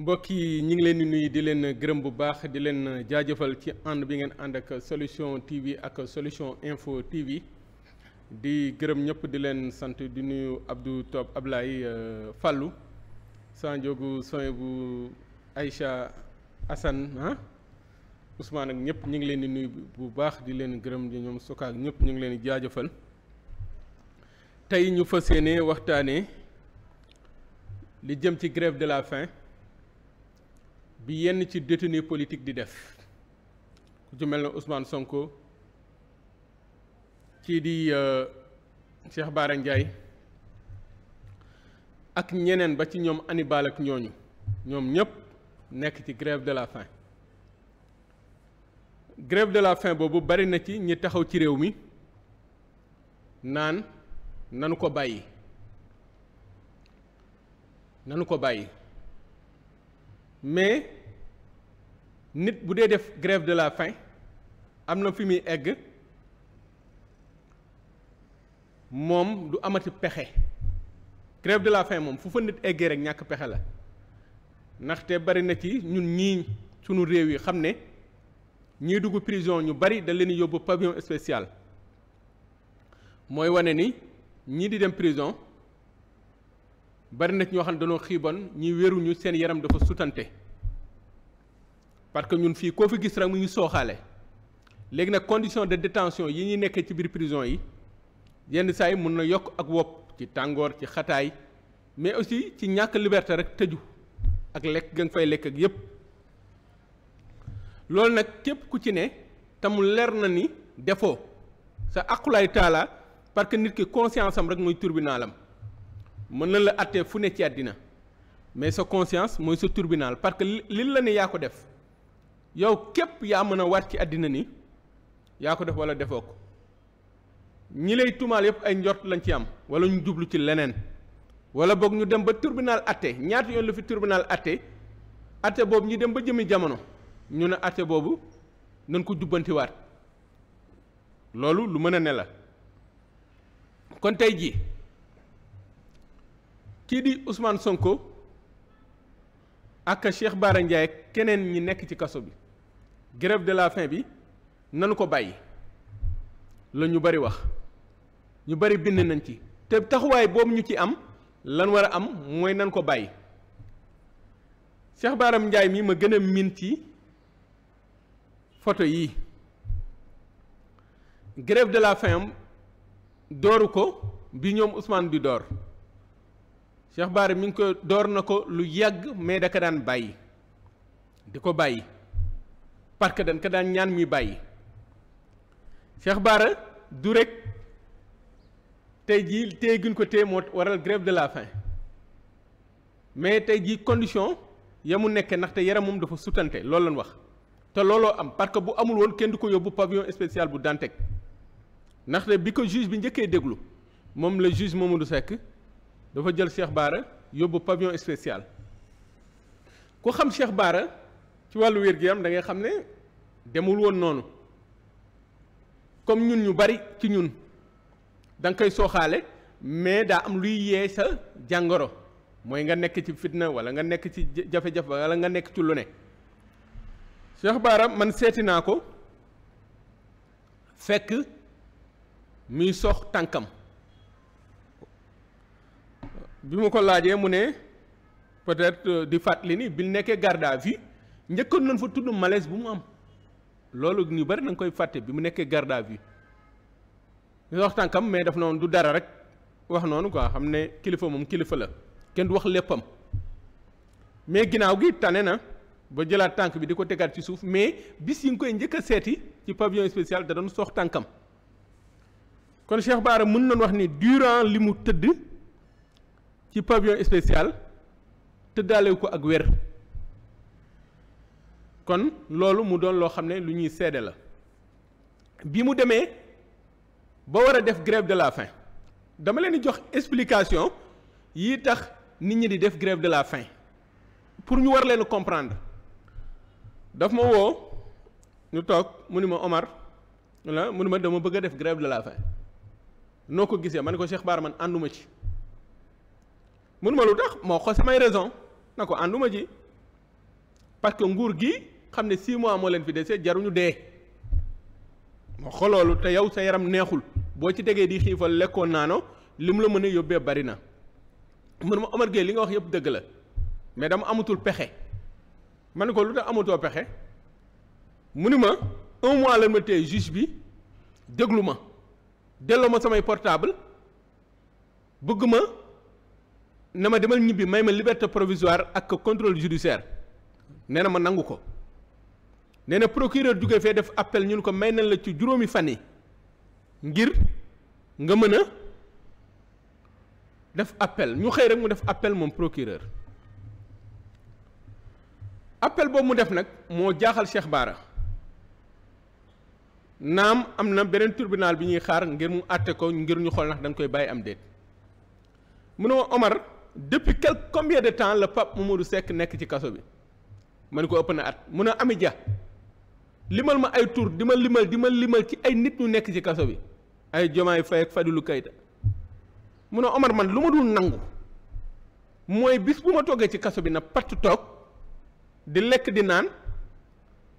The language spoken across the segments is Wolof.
mbokk yi ñu ngi leen di nuyu di leen gërëm bu baax di leen jaajëfal ci ànd bi ngeen ànd ak solution TV ak solution info TV di gërëm ñëpp di leen sant di nuyu Abdou Top Ablaye euh, Fallou Sanjogu Soye bu Aïcha Assane ah Ousmane ak ñëpp ñu ngi leen di nuyu bu baax di leen gërëm di ñoom Soka ak ñëpp ñu ngi leen di jaajëfal tey ñu fa yéene waxtaanee li jëm ci grève de la fin bi yenn ci détenu politique di def ku ci mel ne Ousmane Sonko kii di euh, Cheikh Bara Ndiaye ak ñeneen ba ci ñoom Hannibal ak ñooñu ñoom ñëpp nekk ci grève de la faim grève de la faim boobu bari na ci ñi taxaw ci réew mi naan nanu ko bàyyi nanu ko bàyyi mais nit bu dee def grève de la faim am na fi muy egg moom du amati pexe grève de la faim moom fu fa nit eggee rek ñàkk pexe la ndaxte bari na ci ñun ñii sunu réew yi xam ne ñiy dugg prison ñu bari da leen yóbbu pavillon spécial mooy wane ni ñii di dem prison bari na ci ñoo xam ne dañoo xiibon ñi wéruñu seen yaram dafa sutante parce que ñun fii koo fi gis rek mu ngi sooxaale léegi nag condition de détention yi ñuy nekkee ci biir prison yi yenn saa yi mun na yokk ak wopp ci tàngoor ci xataay mais aussi ci ñàkk liberté rek tëju ak lekk ga nga fay lekk ak yépp loolu nag képp ku ci ne tamul leer na ni defoo sa aqulaay taala parce que nit ki conscience am rek mooy tribunalam mën na la attee fu ne ci àddina mais sa conscience mooy sa tribunal parce que li la ne yaa ko def yow képp yaa mën a waat ci àddina ni yaa ko def wala defoo ko ñi lay tumaal yëpp ay njort lañ ci am wala ñu jublu ci leneen wala boog ñu dem ba tribunal ate ñaata yoon la fi tribunal atte ate boobu ñu dem ba jëmi jamono ñu ne atte boobu nañ ko jubbantiwaat loolu lu mën a ne la kon tey jii kii di Ousmane Sonko ak Cheikh Bara Ndiaye keneen ñi nekk ci kaso bi grève de la faim bi nanu ko bàyyi la ñu bari wax ñu bari bind nañ ci te taxawaay boobu ñu ci am lan war a am mooy nan ko bàyyi Cheikh Baram Ndiaye mi ma gën a miin ci photo yii grève de la faim am dooru ko bi ñoom Ousmane bi door Cheikh Baram mi ngi ko door na ko lu yàgg mais daka daan bàyyi di ko bàyyi parce que dañ ko daan ñaan muy bàyyi Cheikh baara du rek tey jii téye guñ ko téye moo waral grève de la faim mais tey jii condition ya mu nekkee ndaxte yaram moom dafa sutante lool lañ wax te looloo am parce que bu amul woon kenn du ko yóbbu pavillon spécial bu Dantec ndaxte bi ko juge bi njëkkee déglu moom la juge Mamadou sekk dafa jël Cheikh Bara yóbbu pavillon spécial ku xam Cheikh baara ci wàllu wér-gu-yaram da xam ne demul woon noonu comme ñun ñu bari ci ñun danga koy sooxaale mais daa am luy yee sa jàngoro mooy nga nekk ci fitna wala nga nekk ci jafe-jafe wala nga nekk ci lu ne Cheikh man seeti naa ko fekk muy sox tànkam bi mu ko laajee mu ne peut-être euh, di fàttali ni bi nekkee garde à njëkkoon nañ fa tudd malaise bu mu am loolu ñu bari na nga koy fàtte bi mu nekkee garde bi vue wax tànkam mais na noonu du dara rek wax noonu quoi xam ne kilifa moom kilifa la kenn du wax léppam mais ginnaaw gi tane na ba jëlaat tànk bi di ko tegaat ci suuf mais bis yi nga koy njëkk a seeti ci pavillon spécial da doon sox tànkam kon Cheikh Bara mën nañ wax ni durant li mu tëdd ci pavillon spécial tëddaale ko ak weer kon loolu mu doon loo xam ne lu ñuy seede la bi mu demee ba war a def grève de la faim dama leen di jox explication yi tax nit ñi di def grève de la faim pour ñu war leen comprendre daf ma woo ñu toog mu ni ma Omar la mu ni ma dama bëgg a def grève de la faim noo ko gisee ma ne ko Cheikh Bara man ànduma ci mënuma lu tax moo xos samay raison na ko ànduma ji parce que nguur gi xam ne 6 mois moo leen fi dese jaruñu dee moo xoloolu te yow sa yaram neexul boo ci tegee di xiifal lekkoon li lim la mën a yóbbee bari na man ma Omar Gueye li nga wax yëpp dëgg la mais dama amatul pexe ma ne ko lu tax amatoo pexe mu ni ma un mois lan ma téye juge bi déglu ma delloo ma samay portable bëgg ma na ma demal ñibbi may ma liberté provisoire ak contrôle judiciaire nee na ma nangu ko nee na procureur jóge fee def appel ñun ko may na la ci juróomi fan yi ngir nga mën a def appel ñu xëy rek mu def appel moom procureur appel boobu mu def nag moo jaaxal Cheikh baara naam am na beneen tribunal bi ñuy xaar ngir mu àtte ko ngir ñu xool nax danga koy bàyyi am déet mu ne ma Omar depuis quelque combien de temps la Pape Mamadou Seck nekk ci kaso bi ma nu ko ëpp na at mun a ami ja limal ma ay tur di ma limal di ma limal ci ay nit ñu nekk ci kaso bi ay Diomaye Faye ak Fadilou Keïta mu ne Omar man lu ma dul nangu mooy bis bu ma toggee ci kaso bi na patt toog di lekk di naan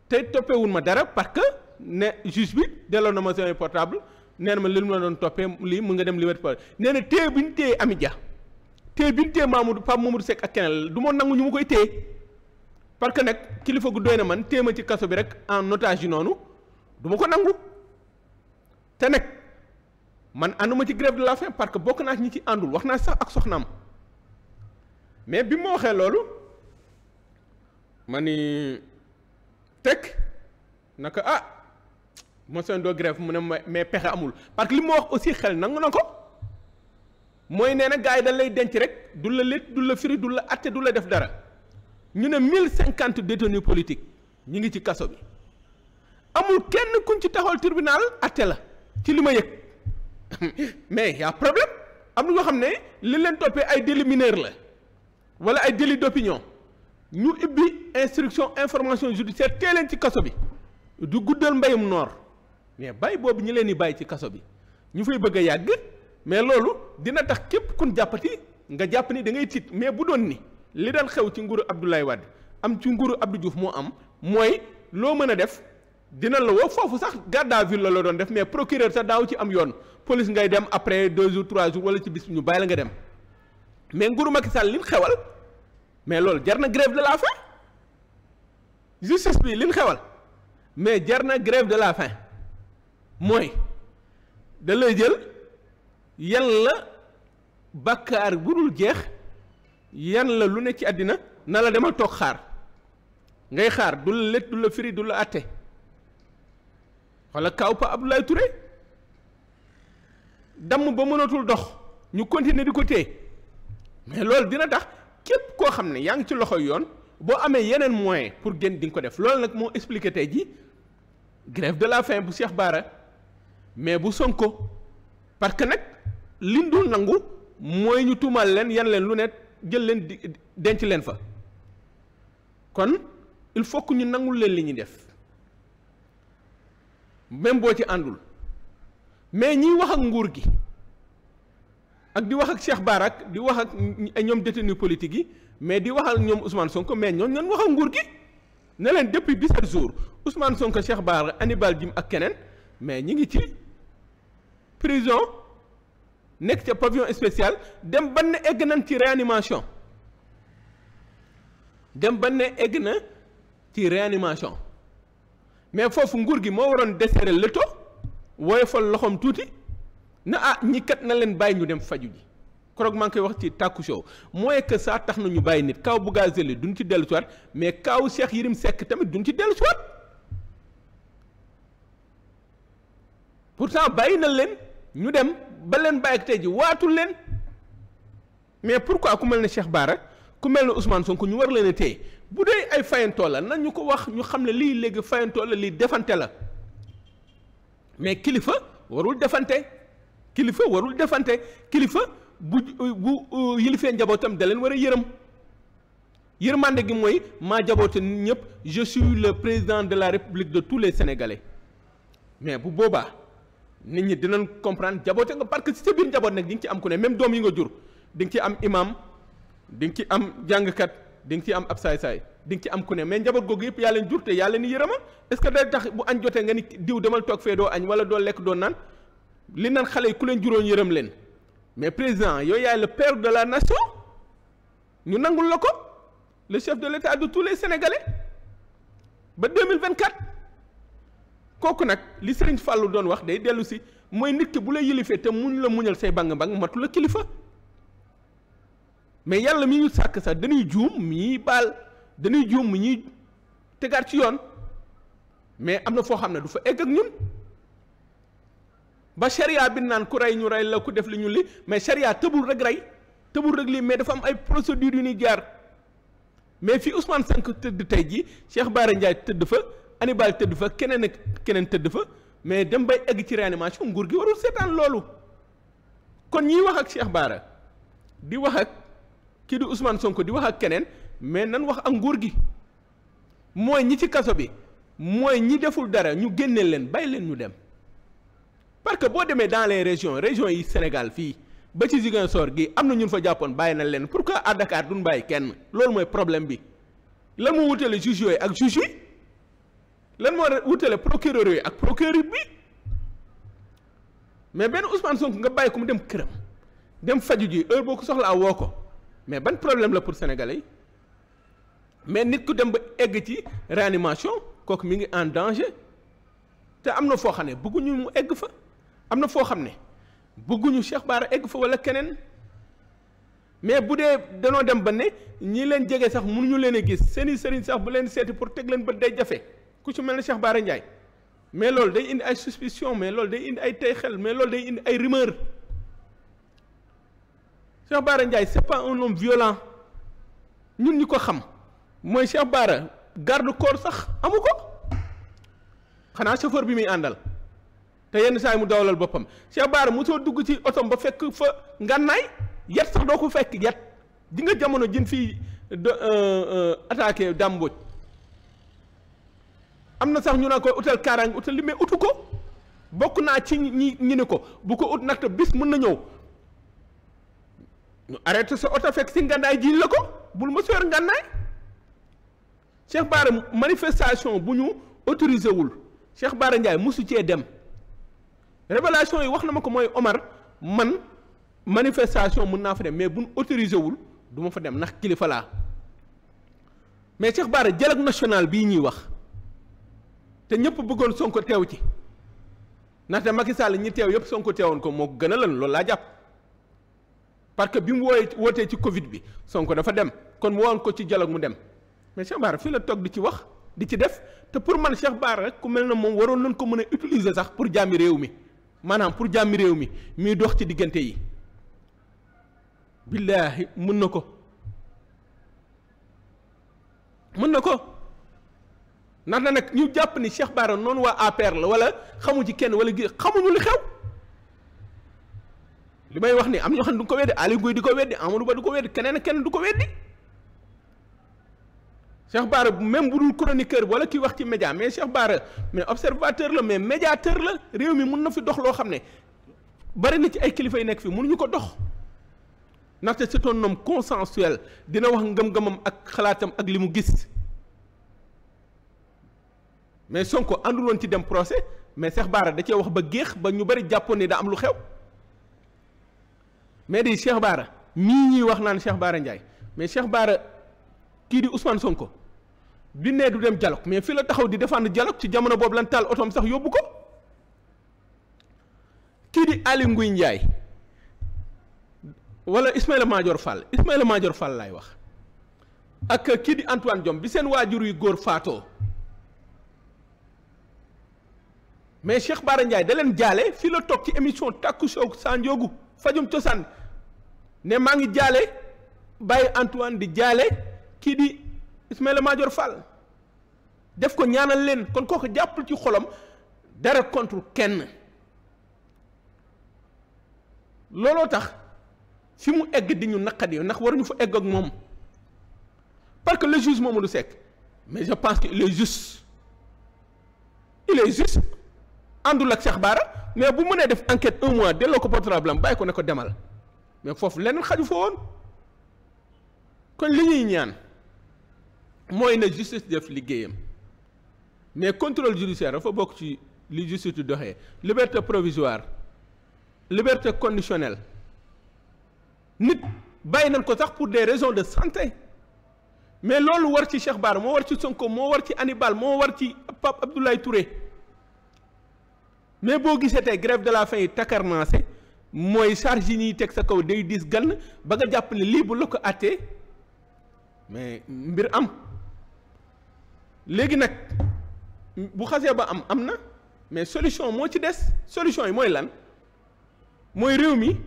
tey toppewul ma dara parce que ne juge bi delloo na ma samay portable nee na ma li mu doon toppee lii mu nga dem liberté provisoire nee na téye bi ñu téye Amy Dia téye bi ñu du Mamadou Pape Mamadou ak keneen du ma nangu ñu ma koy téye. parce que nag kilifa gu doy na man téema ci kaso bi rek en notage yi noonu du ma ko nangu te nag man ànduma ci grève de la faim parce que bokk naa ci ñi ci àndul wax naa sax ak soxnaam mais bi ma waxee loolu ma ni teg naka ah motion de grève mu ne mais pexe amul parce que li ma wax aussi xel nangu na ko mooy nee na gars yi dañ lay denc rek du la lét du la firi du la atte du la def dara ñu ne mille cinquante détenus politiques ñu ngi ci kaso bi amul kenn kuñ ci taxawal tribunal atte la ci li ma yëg mais y a problème am na ñoo xam ne li leen toppee ay délit mineur la wala ay délit d'opinion ñu ibbi instruction information judiciaire tee leen ci kaso bi du guddal mbayum noor mais bàyyi boobu ñi leen di bàyyi ci kaso bi ñu fay bëgg a yàgg mais loolu dina tax képp kun jàppati nga jàpp ni da ngay tiit mais bu doon ni li daan xew ci nguuru Abdoulaye Wade am ci nguru Abdou Diouf moo am mooy loo mën a def dina la woo foofu sax garde à la la doon def mais procureur sax daaw ci am yoon police ngay dem après deux jours trois jours wala ci bis ñu bàyyi nga dem mais nguuru Macky Sall li xewal mais loolu jar na grève de la faim justice bi li mu xewal mais jar na grève de la faim mooy da lay jël yan la bàkkaar bu dul jeex. yan la lu ne ci àddina na la demal toog xaar ngay xaar du la let du la firi du la atte wala kaaw pa Abdoulaye Touré damm ba mënatul dox ñu continuer di ko téye mais loolu dina tax képp koo xam ne yaa ngi ci loxo yoon boo amee yeneen moyen pour génn di ko def loolu nag moo expliqué tey ji grève de la faim bu seex Bara mais bu Sonko parce que nag liñ nangu mooy ñu tuumaal leen yan leen lu ne jël leen di denc leen fa kon il faut que ñu nangul leen li ñuy def même boo ci àndul mais ñiy wax ak nguur gi ak di wax ak Cheikh Barak di wax ak ñoom détenu politique yi mais di wax ñoom Ousmane Sonko mais ñoom ngeen wax ak nguur gi ne leen depuis 17 jours Ousmane Sonko Cheikh Barak Hannibal Djim ak keneen mais ñi ngi ci prison. nekk ca pavillon spécial dem ban ne egg na ci réanimation dem ba ne egg na ci réanimation mais foofu nguur gi moo waroon desserrer le taux woyofal loxoom tuuti na ah ñi kat na leen bàyyi ñu dem faju ji koroog maa ngi koy wax ci tàkku show mooy que ça tax na ñu bàyyi nit kaw bu gazeli duñ ci dellu siwaat mais kaw Cheikh Yérim sekk tamit duñ ci dellu siwaat pourtant bàyyi na leen ñu dem ba leen bàyyi ak tey ji waatu leen mais pour pourquoi ku mel ne Cheikh Bara ku mel ne Ousmane Sonko ñu war leen a téye bu dee ay fayantoo la nan ñu ko wax ñu xam ne lii léegi fayantoo la lii defante la mais kilifa warul defante kilifa warul defante kilifa bu bu uh, yilifee njabootam da leen war a yërëm yërmande gi mooy maa jaboote ñëpp je suis le président de la république de tous les sénégalais mais bu boobaa. nit ñi dinañ comprendre jaboote nga parce que sa biir njaboot nag di nga ci am ku ne même doom yi nga jur di nga ci am imaam di nga ci am jàngkat di nga ci am ab saay-saay di nga ci am ku ne mais njaboot googu yëpp yàlla leen jur te yaa leen yërëma est-ce que day tax bu añ jotee nga ni diw demal toog fee doo añ wala doo lekk doo naan li naan xale yi ku leen juróon yërëm leen mais président yooyu yaay le père de la nation ñu nangul la ko le chef de l'État de tous les Sénégalais ba 2024 kooku nag li sëriñ fàllu doon wax day dellu si mooy nit bu la yilifee te mu ñu la muñal say bang-bang matu la kilifa mais yàlla mi ñu sàkk sax dañuy juum mi ñuy baal dañuy juum mi ñuy tegaat ci yoon mais am na foo xam ne du fa egg ak ñun ba charia bi naan ku rey ñu rey la ku def li ñu li mais charia tëbul rek rey tëbul rek lii mais dafa am ay procédures yu ñuy jaar mais fi Ousmane Sonko tëdd tey jii Cheikh Bara Ndiaye tëdd fa. Hannibal tëdd fa keneen ak keneen tëdd fa mais dem bay egg ci réanimation nguur gi warul seetaan loolu kon ñiy wax ak Cheikh baara di wax ak kii di Ousmane Sonko di wax ak keneen mais nan wax ak nguur gi mooy ñi ci kaso bi mooy ñi deful dara ñu génne leen bàyyi leen ñu dem parce que boo demee dans les régions régions yi Sénégal fii ba ci Ziguinchor gi am na ñun fa jàppoon bàyyi na leen pourquoi à Dakar duñ bàyyi kenn loolu mooy problème bi la mu wutale juge yooyu ak juge lan moo wutale procureur yi ak procureur bi mais benn Ousmane Sonko nga bàyyi ko mu dem këram dem faju ji heure boo ko soxlaa woo ko mais ban problème la pour sénégalais yi mais nit ku dem ba egg ci réanimation kooku mi ngi en danger te am na foo xam ne bëgguñu mu egg fa am na foo xam ne bëgguñu Cheikh Bara egg fa wala keneen mais bu dee danoo dem ba ne ñii leen jege sax mënuñu leen a gis seeni sëriñ sax bu leen seeti pour teg leen bët day jafe. ku ci mel ne Cheikh Bara Ndiaye mais loolu day indi ay suspicion mais loolu day indi ay tey xel mais loolu day indi ay rumeur Cheikh Bara Ndiaye c'est pas un homme violent ñun ñu ko xam mooy Cheikh Bara garde corps sax amu ko xanaa chauffeur bi muy àndal te yenn saa mu dawlal boppam Cheikh Bara mosoo dugg ci otom ba fekk fa ngànnaay yat sax doo ko fekk yat di nga jamono jën fii euh, euh, attaqué Dame am na sax ñu naan ko utal kaaraange utal li mais utu ko bokk naa ci ñi ñi ni ko bu ko ut nag te bis mën na ñëw ñu arrêté sa oto fekk si ngandaay jiñ la ko bul ma soor ngandaay Cheikh Bara manifestation bu ñu autorisé wul Cheikh Bara Ndiaye mosu cee dem révélation yi wax na ma ko mooy Omar man manifestation mën naa fa dem mais bu autorisé wul duma fa dem ndax kilifa laa mais Cheikh Bara dialogue national bii ñuy wax. te ñëpp bëggoon Sonko teew ci ndaxte Macky Sall ñi teew yëpp Sonko teewoon ko moo gën a lan loolu laa jàpp parce que bi mu wooyee wootee ci Covid bi Sonko dafa dem kon mu woon ko ci dialogue mu dem mais Cheikh fii la toog di ci wax di ci def te pour man Cheikh Bara rek ku mel na moom waroon nañ ko mën a utiliser sax pour jàmmi réew mi maanaam pour jàmmi réew mi muy dox ci diggante yi billaahi mën na ko mën na ko ndax na nag ñu jàpp ni Cheikh baara noonu waa APR la wala xamu ci kenn wala gi xamuñu li xew li may wax ni am ñoo xam ne du ko weddi Aliou Guèye di ko weddi Amadou Ba du ko weddi keneen kenn du ko weddi Cheikh Bara même bu dul chroniqueur wala ki wax ci média mais Cheikh Bara mais observateur la mais médiateur la réew mi mun na fi dox loo xam ne bari na ci ay kilifa yi nekk fi mënuñu ko dox ndaxte c'est un homme consensuel dina wax ngëm-ngëmam ak xalaatam ak li mu gis. mais Sonko àndul woon ci dem procès mais Cheikh Bara da cee wax ba géex ba ñu bari jàppoon ni da am lu xew mais di Cheikh Bara mii ñuy wax naan Cheikh Bara Ndiaye mais Cheikh Bara kii di Ousmane Sonko bi nee du dem dialogue mais fi la taxaw di défendre dialogue ci jamono boobu lan taal otoom sax yóbbu ko kii di Aly Ngouille Ndiaye wala Ismaïla Madior Fall Ismaïla Madior Fall laay wax ak kii di Antoine Diome bi seen waajur yu góor faatoo mais Cheikh Bara Ndiaye da leen jaale fii la toog ci émission takku Show Sanjogu fajum cosaan ne maa ngi jaale Baye Antoine di jaale kii di Ismaïla Madior Fall def ko ñaanal leen kon kooku jàppul ci xolam dara contre kenn looloo tax fi mu egg di ñu naqadi ndax waruñu fa egg ak moom parce que le juge Mamadou sekk mais je pense que il est juste il àndul ak Cheikh baara mais bu mënee def enquête un mois delloo ko portable am bàyyi ko ne ko demal mais foofu leneen xaju foo woon kon li ñuy ñaan mooy na justice def liggéeyam mais contrôle judiciaire dafa bokk ci li justice di doxee liberté provisoire liberté conditionnelle nit bàyyi nañ ko sax pour des raisons de santé mais loolu war ci Cheikh Bara moo war ci Sonko moo war ci Hannibal moo war ci Pape Abdoulaye Touré. mais boo gisee tey grève de la faim yi takarnaase mooy charge yi ñuy teg sa kaw day diis gann ba nga jàpp ne lii bu la ko àttee mais mbir am léegi nag bu xasee ba am am na mais solution moo ci des solution yi mooy lan mooy réew mi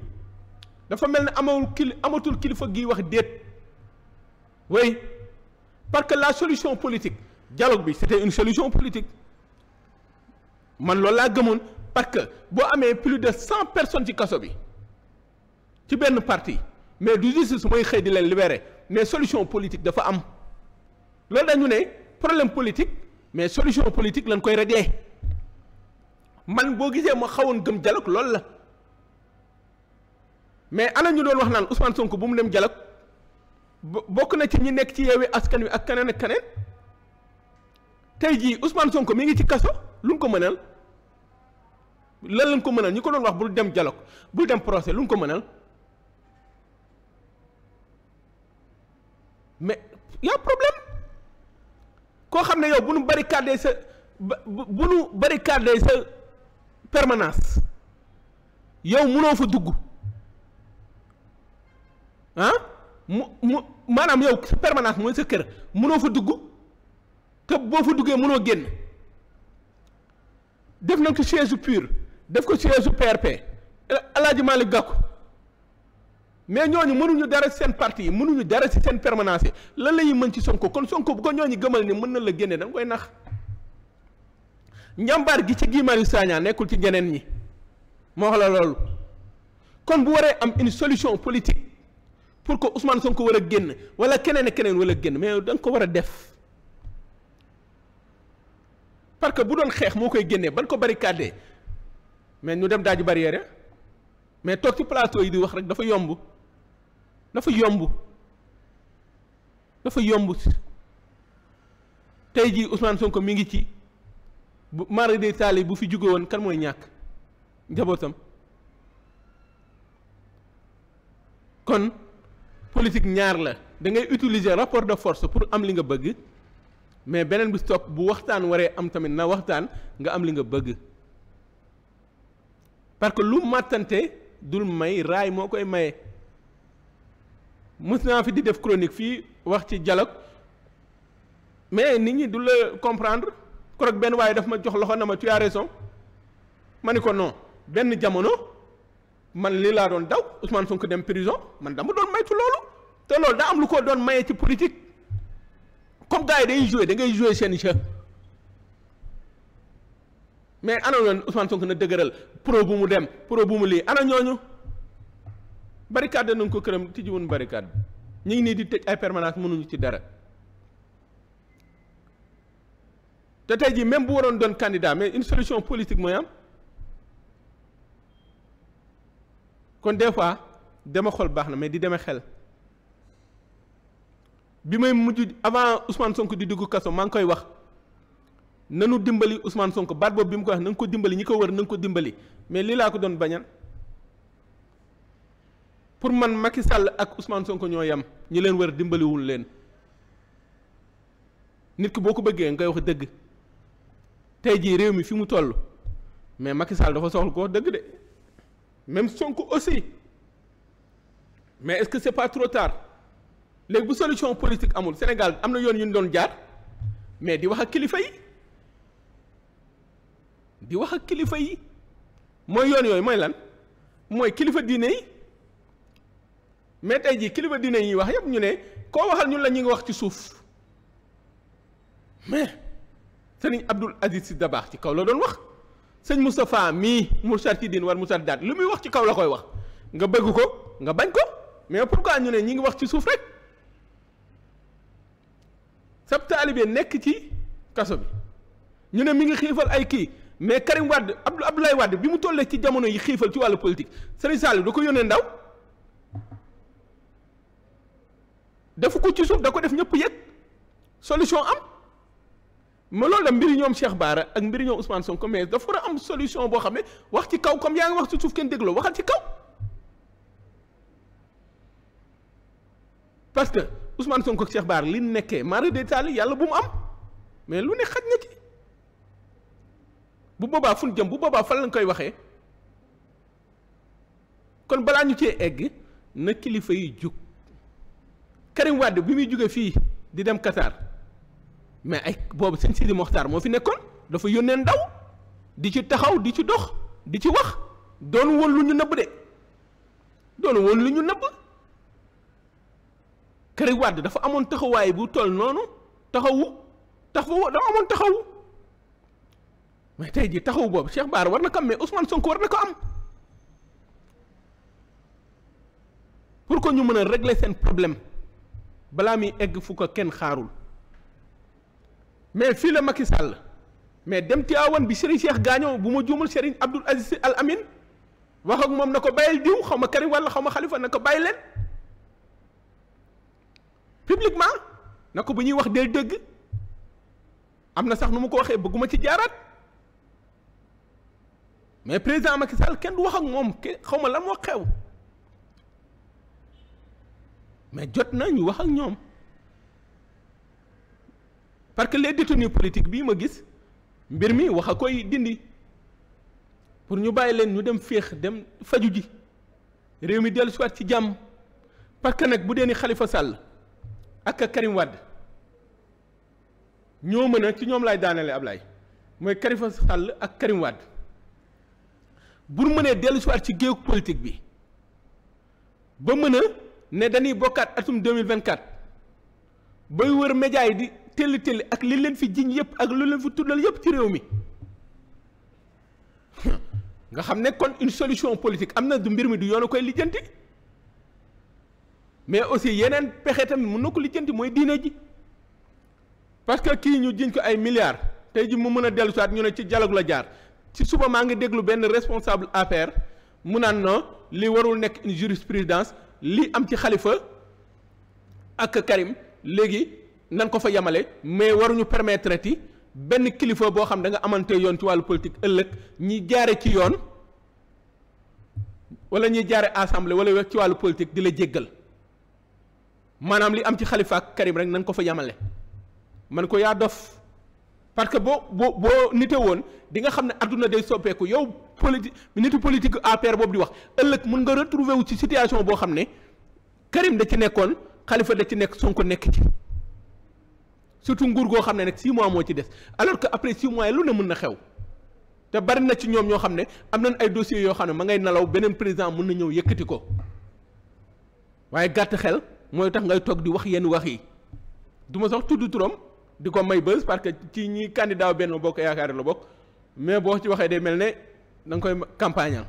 dafa mel ne amawul kil amatul kilifa gi wax déet way parce que la solution politique dialogue bi c'était une solution politique man loolu laa gëmoon parce que boo amee plus de cent personnes ci kaso bi ci benn parti mais du justice mooy xëy di leen libérer mais solution politique dafa am loolu dañu ne problème politique mais solution politique lañ koy régler man boo gisee ma xawoon gëm dialogue loolu la mais ana ñu doon wax naan Ousmane Sonko bu mu dem dialogue bokk na ci ñi nekk ci Yewwi Askan Wi ak keneen ak keneen tey jii Ousmane sonk mi ngi ci kaso. lu mu ko mënal lan lañ ko mënal ñi ko doon wax bul dem dialogue bul dem procès lu mu ko mënal mais y problème koo xam ne yow bu nu barricadé sa bu nu barricadé sa permanence yow mënoo fa dugg ah mu mu maanaam yow sa permanence mooy sa kër mënoo fa dugg te boo fa duggee munoo génn. def nañ ko siège su pure def ko siège su perpe El Hadj Malick mais ñoo ñooñu mënuñu dara ci seen parti yi mënuñu dara ci seen permanence lan la ñuy mën ci Sonko kon Sonko bu ko ñoo ñooñu gëmal ni mën na la génne da koy nax njàmbaar gi ci Guy Marius Sagna nekkul ci geneen ñi moo wax la loolu kon bu waree am une solution politique pour ko Ousmane Sonko war a génn wala keneen ak keneen wala génn mais da nga ko war a def. parce que bu doon xeex moo koy génnee ban ko barricadé mais ñu dem daaju barrière mais toog ci plateau yi di wax rek dafa yomb dafa yomb dafa yomb tey jii Ousmane Sonko mi ngi ci bu mara de taali bu fi jóge woon kan mooy ñàkk njabootam kon politique ñaar la da ngay utiliser rapport de force pour am li nga bëgg mais beneen bi topp bu waxtaan waree am tamit na waxtaan nga am li nga bëgg parce que lu mattante dul may raay moo koy maye mus naa fi di def chronique fii wax ci dialogue mais nit ñi du la comprendre korog benn waaye daf ma jox loxo na ma tu as raison ma ni ko non benn jamono man lii laa doon daw Ousmane Sonko dem prison man dama doon maytu loolu te loolu daa am lu ko doon maye ci politique comme gars yi day jouer da ngay jouer seen jeu mais ana yoon Ousmane Sonko na dëgëral pro bu mu dem pour bu mu lii ana ñooñu barricade nañ ko këram tijjiwuñ barricade bi ñu ngi nii di tëj ay permanence mënuñu ci dara te tey jii même bu waroon doon candidat mais une solution politique mooy am kon des fois dama xol baax na mais di demee xel bi may mujj avant Ousmane sonk di dugg kaso maa ngi koy wax nanu dimbali Ousmane sonk baat boobu bi mu ko wax na nga ko dimbali ñi ko wër na nga ko dimbali mais li laa ko doon bañal pour man Macky Sall ak Ousmane Sonko ñoo yem ñi leen wër dimbaliwul leen nit ki boo ko bëggee ngay wax dëgg tey jii réew mi fi mu toll mais Macky Sall dafa soxla ko wax dëgg de même Sonko aussi mais est-ce que c'est pas trop tard. léegi bu solution politique amul Sénégal am na yoon yu ñu doon jaar mais di wax ak kilifa yi di wax ak kilifa yi mooy yoon yooyu mooy lan mooy kilifa diine yi mais tey jii kilifa diine yi wax yëpp ñu ne koo waxal ñun la ñu ngi wax ci suuf mais sëriñ Abdul Aziz Sy Dabakh ci kaw la doon wax sëñ Moustapha mii Moustarchidine war Moustarchidaat lu muy wax ci kaw la koy wax nga bëgg ko nga bañ ko mais pourquoi ñu ne ñi ngi wax ci suuf rek. sab taalibe nekk ci kaso bi ñu ne mi ngi xiifal ay kii mais Karim Wade Abdou Abdoulaye Wade bi mu tollee ci jamono yi xiifal ci wàllu politique Serigne Saliou da ko yónnee ndaw dafa ko ci suuf da ko def ñëpp yëg solution am ma loolu la mbiri ñoom Cheikh Bara ak mbiri ñoom Ousmane ko mais dafa war a am solution boo xam ne wax ci kaw comme yaa ngi wax ci suuf kenn dégloo waxal ci kaw que Ousmane Sonko ak Cheikh Bara li nekkee mari de taali yàlla bu mu am mais lu ne xaj na ci bu boobaa fu jëm bu boobaa fan lañ koy waxee kon balaa ñu cee egg na kilifa yi jug Karim Wade bi muy jóge fii di dem Qatar mais ay boobu seen Sidi Moxtaar moo fi nekkoon dafa yónnee ndaw di ci taxaw di ci dox di ci wax doon woon lu ñu nëbb de doon woon lu ñu nëbb Karim Wade dafa amoon taxawaay bu toll noonu taxawu taxawu dafa amoon taxawu mais tey jii taxawu boobu Cheikh Bara war na ko am mais Ousmane Sonko war na ko am pour que ñu mën a régler seen problème balaa muy egg fu ko kenn xaarul mais fii la Macky sàll mais dem Tiwaawan bi Serigne Cheikh Gaañoo bu ma juumul seriñ Abdoul Aziz Al Amin wax ak moom na ko bàyyil diw xaw ma Karim wala xaw ma xalifa na ko bàyyi leen. publiquement na ko bu ñuy wax dee dëgg am na sax nu mu ko waxee bëgguma ci jaaraat mais président Macky Sall kenn du wax ak moom ke xawma ma lan moo xew mais jot na ñu wax ak ñoom parce que les détenus politiques bii ma gis mbir mi wax a koy dindi pour ñu bàyyi leen ñu dem féex dem faju ji réew mi dellu siwaat ci jàmm parce que nag bu dee ni Khalifa Sall ak Karim Wade ñoo mën a ci ñoom laay daanale Ablaye mooy Khalifa Sall ak Karim Wade bu mënee dellu si ci géew politique bi ba mën a ne danuy bokkaat atum 2024 bay wër média yi di telli telli ak li leen fi jiñ yëpp ak lu leen fi tuddal yëpp ci réew mi nga xam ne kon une solution politique am na du mbir mi du yoonu koy lijjanti. mais aussi yeneen pexe tamit mën na ko lijjanti mooy diine ji parce que kii ñu jiñ ko ay milliards tey ji mu mën a dellu soit ñu ne ci dialogue jaar ci suba maa ngi déglu benn responsable affaire mu naan non li warul nekk une jurisprudence li am ci xalifa ak Karim léegi nan ko fa yemale mais waruñu permettre ti benn kilifa boo xam da nga amante yoon ci wàllu politique ëllëg ñi jaare ci yoon wala ñuy jaare assemblée wala ci wàllu politique di la jéggal maanaam li am ci Khalifa Karim rek nañ ko fa yamale man ko yaa dof parce que boo boo boo nite woon di nga xam ne adduna dee soppeeku yow politique nitu politique APR boobu di wax ëllëg mun nga retrouver wu ci situation boo xam ne Karim da ci nekkoon xalifa da ci nekk Sonko nekk ci surtout nguur goo xam ne nag 6 mois moo ci des alors que après 6 mois yi lu ne mën na xew te bari na ci ñoom ñoo xam ne am nañ ay dossiers yoo xam ne ma ngay nalaw beneen président mun na ñëw yëkkati ko gàtt xel. mooy tax ngay toog di wax yenn wax yi du ma sax tudd turam di ko may bës parce que ci ñi candidat benn bokk yaakaar la bokk mais boo ci waxee day mel ne da nga koy campagne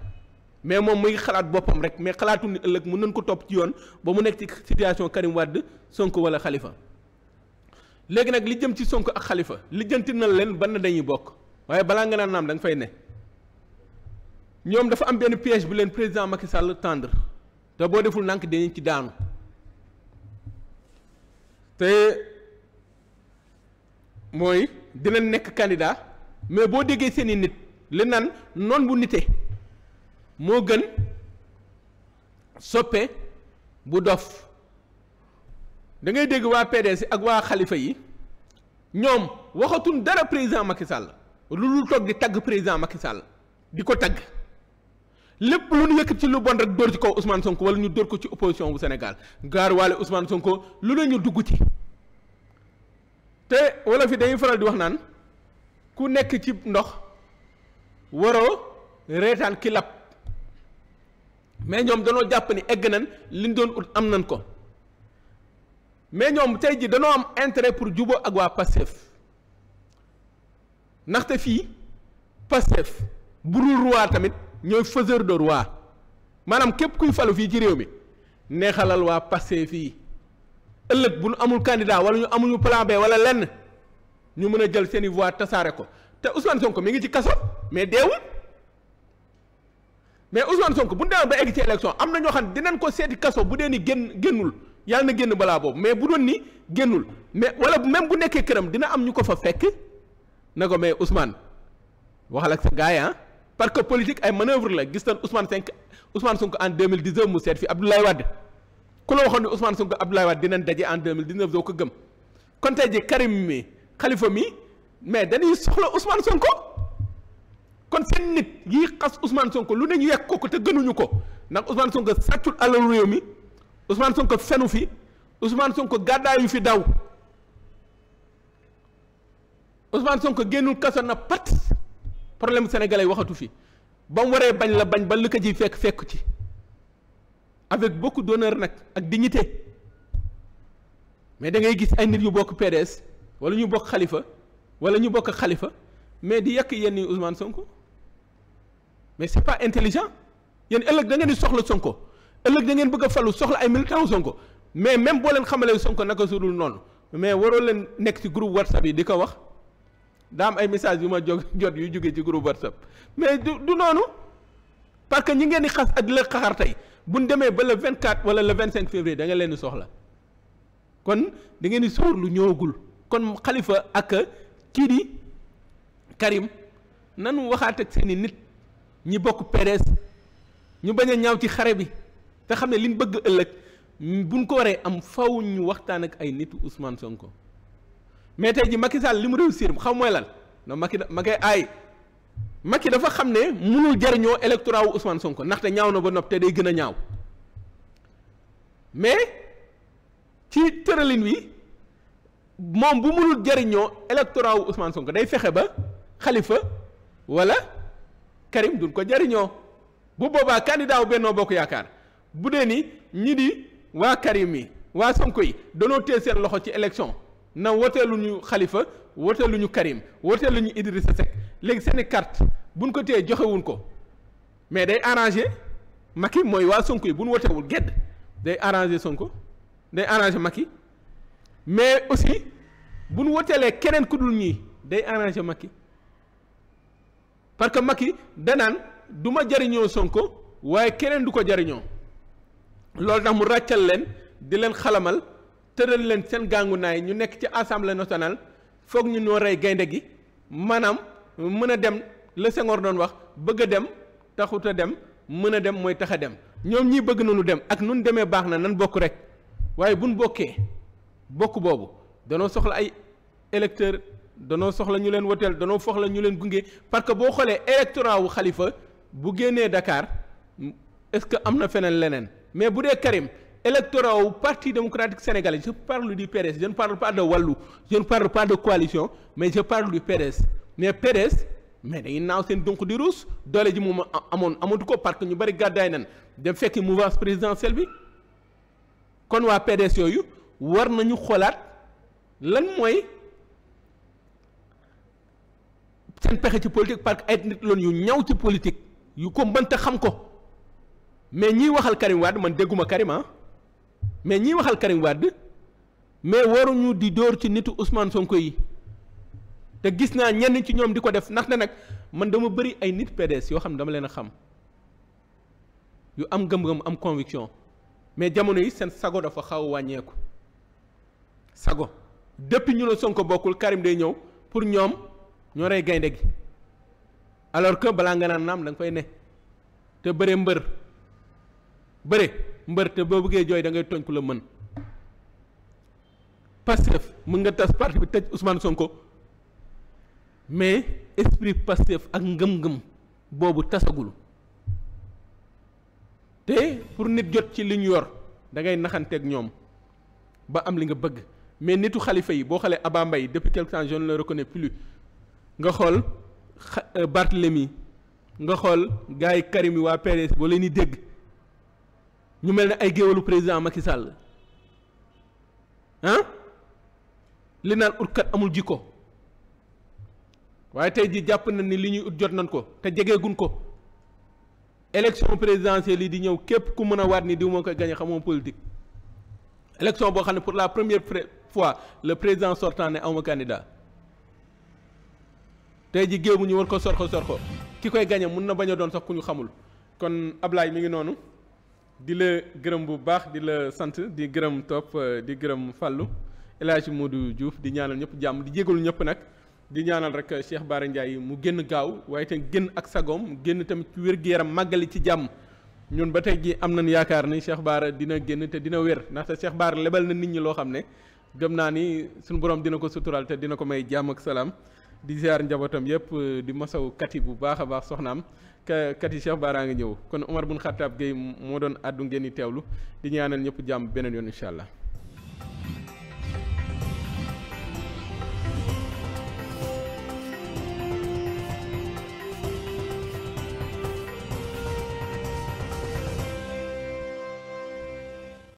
mais moom muy xalaat boppam rek mais xalaatu ni ëllëg mën nañ ko topp ci yoon ba mu nekk ci situation Karim Wade sonk wala Khalifa léegi nag li jëm ci sonk ak Khalifa li na leen ban dañuy bokk waaye balaa nga naan naam da nga fay ne ñoom dafa am benn piège bu leen président Macky Sall tendre te boo deful nànk dañu ci daanu te mooy dina nekk candidat mais boo déggee seeni nit li naan noon bu nite moo gën soppe bu dof da ngay dégg waa PDS ak waa xalifa yi ñoom waxatul dara président Macky Sall lu dul toog di tagg président Macky Sall di ko tagg lépp lu ñu yëkkat ci lu bon rek dóor ci kaw usmaan Sonko wala ñu dóor ko ci opposition bu Sénégal gaar waale Ousmane Sonko lu ne ñu dugg ci te wala fi dañuy faral di wax naan ku nekk ci ndox waroo reetaan ki lab mais ñoom danoo jàpp ni egg li liñ doon ut am nañ ko mais ñoom tey ji danoo am intérêt pour jubo ak waa Pastef ndaxte fii Pastef bu dul ruwaa tamit ñooy faiseur de roi maanaam képp kuy falu fii ci réew mi neexalal waa passé fii ëllëg bu ñu amul candidat wala ñu amuñu plan B wala lenn ñu mën a jël seeni i voix tasaare ko te Ousmane Sonko mi ngi ci kaso mais deewul mais Ousmane Sonko bu ñu demee ba egg ci élection am na ñoo xam ne dinañ ko seeti kaso bu dee ni génn génnul yàlla na génn balaa boobu mais bu doon ni génnul mais wala même bu nekkee këram dina am ñu ko fa fekk na ko mais Ousmane waxal ak sa parce que politique ay manœuvre la gis nañ Ousmane Sonko Ousmane Sonko en 2019 mu seet fi Abdoulaye Wade ku la waxoon ne Ousmane Sonko Abdoulaye Wade dinañ daje en 2019 doo ko gëm kon tey ji Karim mi Khalifa mi mais dañuy soxla Ousmane Sonko kon seen nit yi xas Ousmane Sonko lu ne ñu ko ko te gënuñu ko ndax Ousmane Sonko sàccul alalu réew mi Ousmane Sonko fenu fi Ousmane gàddaayu fi daw Ousmane Sonko génnul kaso na pat. problème sénégalais waxatu fi ba waree bañ la bañ ba lu ko ji fekk fekku ci avec bokk d'honneur nag ak di dignité mais da ngay gis ay nit yu bokk PDS wala ñu bokk xalifa wala ñu bokk xalifa mais di yàq yenn yu Ousmane Sonko mais c'est pas intelligent yenn ëllëg da ngeen di soxla Sonko ëllëg da ngeen bëgg a falu soxla ay militants Sonko mais même boo leen xamalee Sonko naka su dul noonu mais waroo leen nekk ci groupe WhatsApp yi di ko wax. daa am ay message yu ma jog jot yu jóge ci groupe WhatsApp mais du du noonu parce que ñi ngeen di xas ak la xaxar tey bu ñu demee ba le 24 wala le 25 février da nga leen di soxla kon da ngeen di sóor lu ñëwagul kon Khalifa ak kii di Karim nanu waxaat ak seen nit ñi bokk PDS ñu bañ a ñaaw ci xare bi te xam ne liñ bëgg ëllëg buñ ko waree am faw ñu waxtaan ak ay nitu Ousmane Sonko. mais tey ji Macky Sall li mu réussir xam mooy lan non Macky Macky ay Macky dafa xam ne mënul jariñoo électorat wu Sonko ndaxte ñaaw na ba nopp te day gën a ñaaw mais ci tëralin wi moom bu mënul jariñoo électorat wu Ousmane Sonko day fexe ba xalifa walla Karim duñ ko jariñoo bu boobaa candidat wu Benno Bokk Yaakaar bu dee ni ñi di waa Karim yi waa Sonko yi danoo téye seen loxo ci élection na woteeluñu Khalifa woteeluñu Karim woteeluñu Idrissa Seck léegi seen i carte buñ ko téye joxewuñ ko mais day arrangé Macky mooy waa Sonko yi buñ woteewul gedd day arrangé Sonko day arrangé Macky mais aussi buñ woteelee keneen ku dul ñii day arrangé Macky parce que Macky danaan du ma jariñoo Sonko waaye keneen du ko jariñoo loolu tax mu ràccal leen di leen xalamal tëral leen seen gàngu naay ñu nekk ci assemblée national foog ñu ñoo rey gaynde gi maanaam mën a dem la Senghor doon wax bëgg a dem taxut a dem mën a dem mooy tax a dem ñoom ñii bëgg nañu dem ak nun demee baax na nan bokk rek waaye buñ bokkee bokk boobu danoo soxla ay électeurs danoo soxla ñu leen woteel danoo soxla ñu leen gunge parce que boo xoolee électorat wu Khalifa bu génnee dakaar est-ce que am na feneen leneen mais bu dee Karim électorat wu parti démocratique sénégalais je parle du PDS je ne parle pas de wàllu je ne parle pas de coalition mais je parle du PDS mais PDS mais dañuy naaw seen donc di ruus doole ji moom amoon amatu ko parce que ñu bëri gàddaay nan dem fekki mouvance présidentielle bi kon waa PDS yooyu war nañu xoolaat lan mooy seen pexe ci politique parce que ay nit loon yu ñaw ci politique yu ko mënta xam ko mais ñiy waxal Karim Wade man dégguma Karim ah mais ñiy waxal Karim Wade mais waruñu di dóor ci nitu Ousmane Sonko yi te gis naa ñenn ci ñoom di ko def ndax ne nag man dama bëri ay nit PDS yoo xam ne dama leen a xam yu am gëm-gëm am conviction mais jamono yi seen sago dafa xaw wàññeeku sago depuis ñu ne Sonko bokkul Karim day ñëw pour ñoom ñoo rey gaynde gi alors que balaa nga naan naam danga koy fay ne te bëre mbër bëre mbër te boo bëggee jooy dangay ngay tooñ ku la mën Pastef mën nga tas parti bi tëj son ko mais esprit Pastef ak ngëm-ngëm boobu tasagul te pour nit jot ci li ñu yor da ngay naxanteeg ñoom ba am li nga bëgg mais nitu xalifa yi boo xoolee Abba mbay depuis quelque temps je ne le reconnais plus nga xool xa euh, Barthélemy nga xool gars yi Karim yi waa PDS boo leen di dégg. ñu mel ne ay géwélu président Macky Sall ah li naan utkat amul jikko waaye tey ji jàpp na ni li ñuy ut jot nañ ko te jegeegun ko élection présidentielle yi di ñëw képp ku mën a waat ni di moo koy gañe xamoo politique élection boo xam ne pour la première fois le président sortant ne awma candidat tey ji géew bu ñu war ko sorxo sorxo ki koy gañe mun na bañ a doon sax ku ñu xamul kon ablaay mi ngi noonu di la gërëm bu baax di la sant di gërëm topp euh, di gërëm fallu El Hadj du Diouf di ñaanal ñëpp jàmm di jégalu ñëpp nag di ñaanal rek Cheikh Bara Ndiaye mu génn gaaw waaye te génn ak sagoom génn tamit ci wér-gu-yaram màggali ci jàmm ñun ba tey jii am nañ yaakaar ni Cheikh Bara dina génn te dina wér ndaxte Cheikh Bara lebal na nit ñi loo xam ne gëm naa ni suñu borom dina ko sutural te dina ko may jàmm ak salaam di ziar njabootam yëpp di masaw kati bu baax a baax soxnaam ka kat yi Cheikh Bara nga ñëw kon Omar bun Xattaab Gueye moo doon àddu ngeen di teewlu di ñaanal ñëpp jàmm beneen yoon incha allah.